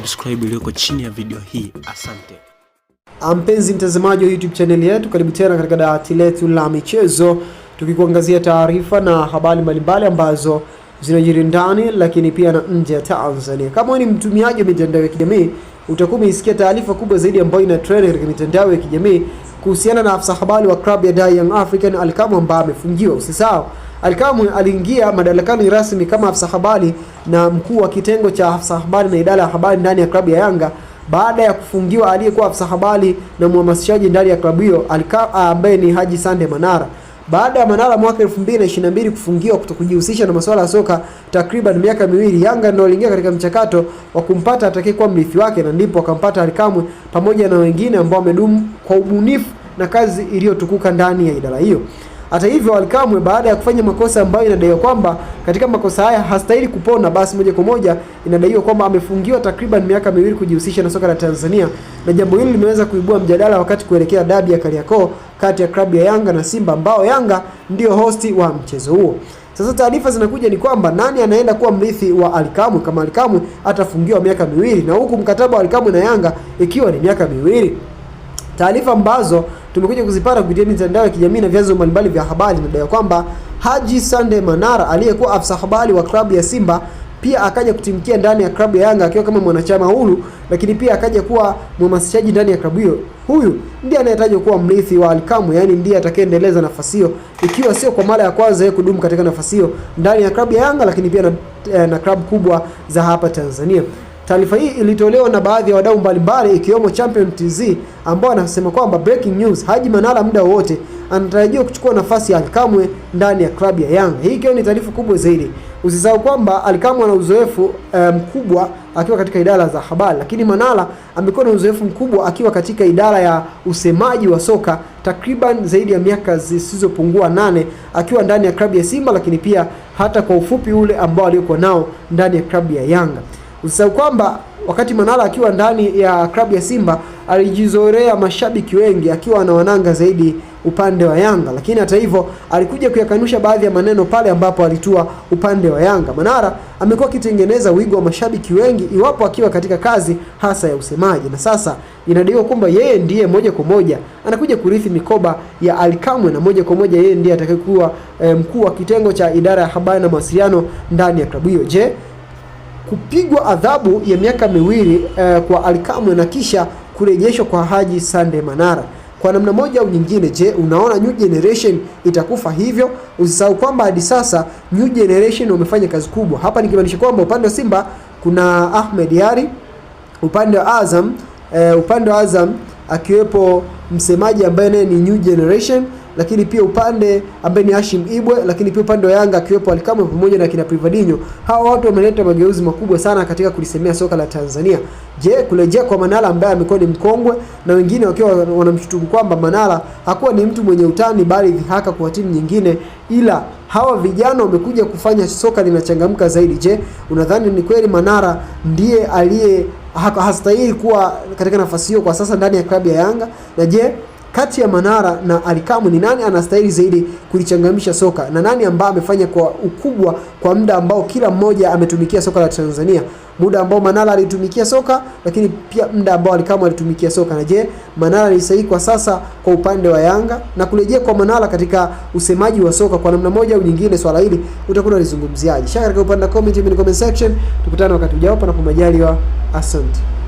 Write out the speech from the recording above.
subscribe iliyoko chini ya video hii. Asante. Ah, mpenzi mtazamaji wa YouTube chaneli yetu, karibu tena katika dawati letu la michezo, tukikuangazia taarifa na habari mbalimbali ambazo zinajiri ndani lakini pia na nje ya Tanzania. Kama ni mtumiaji wa mitandao ya kijamii, utakuwa umeisikia taarifa kubwa zaidi ambayo ina trend katika mitandao ya kijamii kuhusiana na afisa habari wa klabu ya Young African Alkamo ambaye amefungiwa. Usisahau Alkamwe aliingia madarakani rasmi kama afisa habari na mkuu wa kitengo cha afisa habari na idara ya habari ndani ya klabu ya Yanga baada ya kufungiwa aliyekuwa afisa habari na mhamasishaji ndani ya klabu hiyo ambaye ni Haji Sande Manara. Baada ya Manara mwaka 2022 kufungiwa kutokujihusisha na masuala ya soka takriban miaka miwili, Yanga ndio aliingia katika mchakato wa kumpata atakayekuwa mrithi wake, na ndipo akampata Alikamwe pamoja na wengine ambao wamedumu kwa ubunifu na kazi iliyotukuka ndani ya idara hiyo. Hata hivyo, Alikamwe baada ya kufanya makosa ambayo inadaiwa kwamba katika makosa haya hastahili kupona, basi moja kwa moja inadaiwa kwamba amefungiwa takriban miaka miwili kujihusisha na soka la Tanzania, na jambo hili limeweza kuibua mjadala wakati kuelekea dabi ya Kariakoo kati ya klabu ya Yanga na Simba ambao Yanga ndiyo hosti wa mchezo huo. Sasa taarifa zinakuja ni kwamba nani anaenda kuwa mrithi wa Alikamwe kama Alikamwe atafungiwa miaka miwili na huku mkataba wa Alikamwe na Yanga ikiwa ni miaka miwili, taarifa ambazo tumekuja kuzipata kupitia mitandao ya kijamii na vyanzo mbalimbali vya habari, inadai kwamba Haji Sande Manara aliyekuwa afisa habari wa klabu ya Simba pia akaja kutimkia ndani ya klabu ya Yanga akiwa kama mwanachama huru, lakini pia akaja kuwa mhamasishaji ndani ya klabu hiyo. Huyu ndiye anayetajwa kuwa mrithi wa Alkamu, yaani ndiye atakayeendeleza nafasi hiyo, ikiwa sio kwa mara ya kwanza yeye kudumu katika nafasi hiyo ndani ya klabu ya Yanga, lakini pia na, eh, na klabu kubwa za hapa Tanzania. Taarifa hii ilitolewa na baadhi ya wadau mbalimbali ikiwemo Champion TZ ambao anasema kwamba breaking news, Haji Manara muda wowote anatarajiwa kuchukua nafasi ya Alikamwe ndani ya klabu ya Yanga. Hii ikiwa ni taarifa kubwa zaidi. Usisahau kwamba Alikamwe ana uzoefu eh, mkubwa um, akiwa katika idara za habari, lakini Manara amekuwa na uzoefu mkubwa akiwa katika idara ya usemaji wa soka takriban zaidi ya miaka zisizopungua nane akiwa ndani ya klabu ya Simba, lakini pia hata kwa ufupi ule ambao aliokuwa nao ndani ya klabu ya Yanga. Usisahau kwamba wakati Manara akiwa ndani ya klabu ya Simba alijizorea mashabiki wengi akiwa anawananga zaidi upande wa Yanga, lakini hata hivyo alikuja kuyakanusha baadhi ya maneno pale ambapo alitua upande wa Yanga. Manara amekuwa akitengeneza wigo wa mashabiki wengi iwapo akiwa katika kazi hasa ya usemaji, na sasa inadaiwa kwamba yeye ndiye moja kwa moja anakuja kurithi mikoba ya Alikamwe na moja kwa moja yeye ndiye atakayekuwa e, mkuu wa kitengo cha idara ya habari na mawasiliano ndani ya klabu hiyo. Je, kupigwa adhabu ya miaka miwili eh, kwa Alikamwe na kisha kurejeshwa kwa Haji Sande Manara. Kwa namna moja au nyingine, je, unaona new generation itakufa hivyo? Usisahau kwamba hadi sasa new generation wamefanya kazi kubwa hapa, nikimaanisha kwamba upande wa Simba kuna Ahmed Yari, upande wa Azam eh, upande wa Azam akiwepo msemaji ambaye naye ni new generation lakini pia upande ambaye ni Hashim Ibwe, lakini pia upande wa Yanga akiwepo Alikamwe pamoja na kina Privadinho. Hawa watu wameleta mageuzi makubwa sana katika kulisemea soka la Tanzania. Je, kurejea kwa Manala ambaye amekuwa ni mkongwe na wengine wakiwa wanamshutumu kwamba Manala hakuwa ni mtu mwenye utani, bali dhihaka kwa timu nyingine, ila hawa vijana wamekuja kufanya soka linachangamka zaidi. Je, unadhani ni kweli Manara ndiye aliye hastahili kuwa katika nafasi hiyo kwa sasa ndani ya klabu ya Yanga? Na je kati ya Manara na Alikamu ni nani anastahili zaidi kulichangamisha soka na nani ambaye amefanya kwa ukubwa kwa muda ambao kila mmoja ametumikia soka la Tanzania, muda ambao Manara alitumikia soka, lakini pia muda ambao Alikamu alitumikia soka. Na je, Manara ni sahihi kwa sasa kwa upande wa Yanga? Na kurejea kwa Manara katika usemaji wa soka kwa namna moja au nyingine, swala hili utakuwa unalizungumziaje? Shaka katika upande wa comment, mimi comment section. Tukutane wakati ujao, panapo majaliwa. Asante.